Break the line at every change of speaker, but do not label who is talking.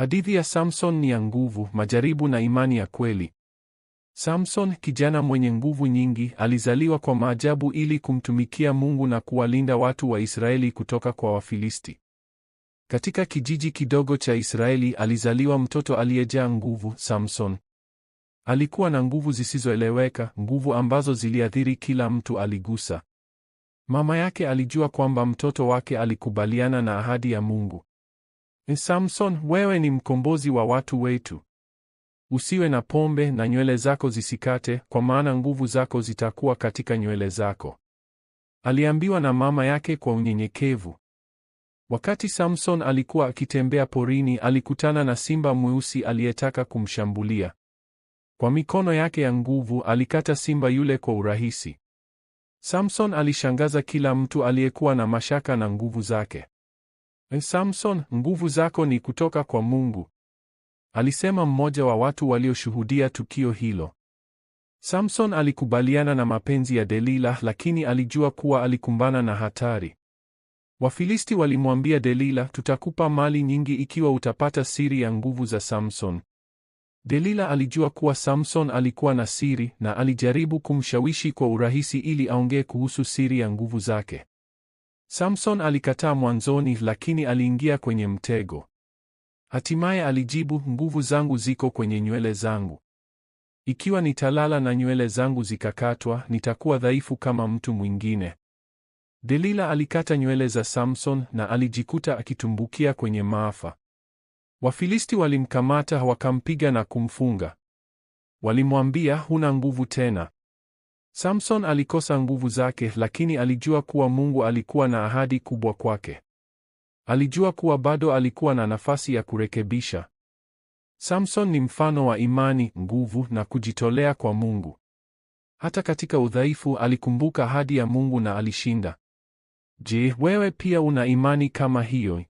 Hadithi ya Samson ni ya nguvu, majaribu na imani ya kweli. Samson, kijana mwenye nguvu nyingi, alizaliwa kwa maajabu ili kumtumikia Mungu na kuwalinda watu wa Israeli kutoka kwa Wafilisti. Katika kijiji kidogo cha Israeli alizaliwa mtoto aliyejaa nguvu, Samson. Alikuwa na nguvu zisizoeleweka, nguvu ambazo ziliathiri kila mtu aligusa. Mama yake alijua kwamba mtoto wake alikubaliana na ahadi ya Mungu. Samson, wewe ni mkombozi wa watu wetu. Usiwe na pombe na nywele zako zisikate, kwa maana nguvu zako zitakuwa katika nywele zako, aliambiwa na mama yake kwa unyenyekevu. Wakati Samson alikuwa akitembea porini, alikutana na simba mweusi aliyetaka kumshambulia. Kwa mikono yake ya nguvu alikata simba yule kwa urahisi. Samson alishangaza kila mtu aliyekuwa na mashaka na nguvu zake. Eh, Samson, nguvu zako ni kutoka kwa Mungu, alisema mmoja wa watu walioshuhudia tukio hilo. Samson alikubaliana na mapenzi ya Delila, lakini alijua kuwa alikumbana na hatari. Wafilisti walimwambia Delila, tutakupa mali nyingi ikiwa utapata siri ya nguvu za Samson. Delila alijua kuwa Samson alikuwa na siri na alijaribu kumshawishi kwa urahisi ili aongee kuhusu siri ya nguvu zake. Samson alikataa mwanzoni, lakini aliingia kwenye mtego. Hatimaye alijibu, nguvu zangu ziko kwenye nywele zangu. Ikiwa nitalala na nywele zangu zikakatwa, nitakuwa dhaifu kama mtu mwingine. Delila alikata nywele za Samson na alijikuta akitumbukia kwenye maafa. Wafilisti walimkamata, wakampiga na kumfunga. Walimwambia, huna nguvu tena. Samson alikosa nguvu zake, lakini alijua kuwa Mungu alikuwa na ahadi kubwa kwake. Alijua kuwa bado alikuwa na nafasi ya kurekebisha. Samson ni mfano wa imani, nguvu na kujitolea kwa Mungu. Hata katika udhaifu alikumbuka ahadi ya Mungu na alishinda. Je, wewe pia una imani kama hiyo?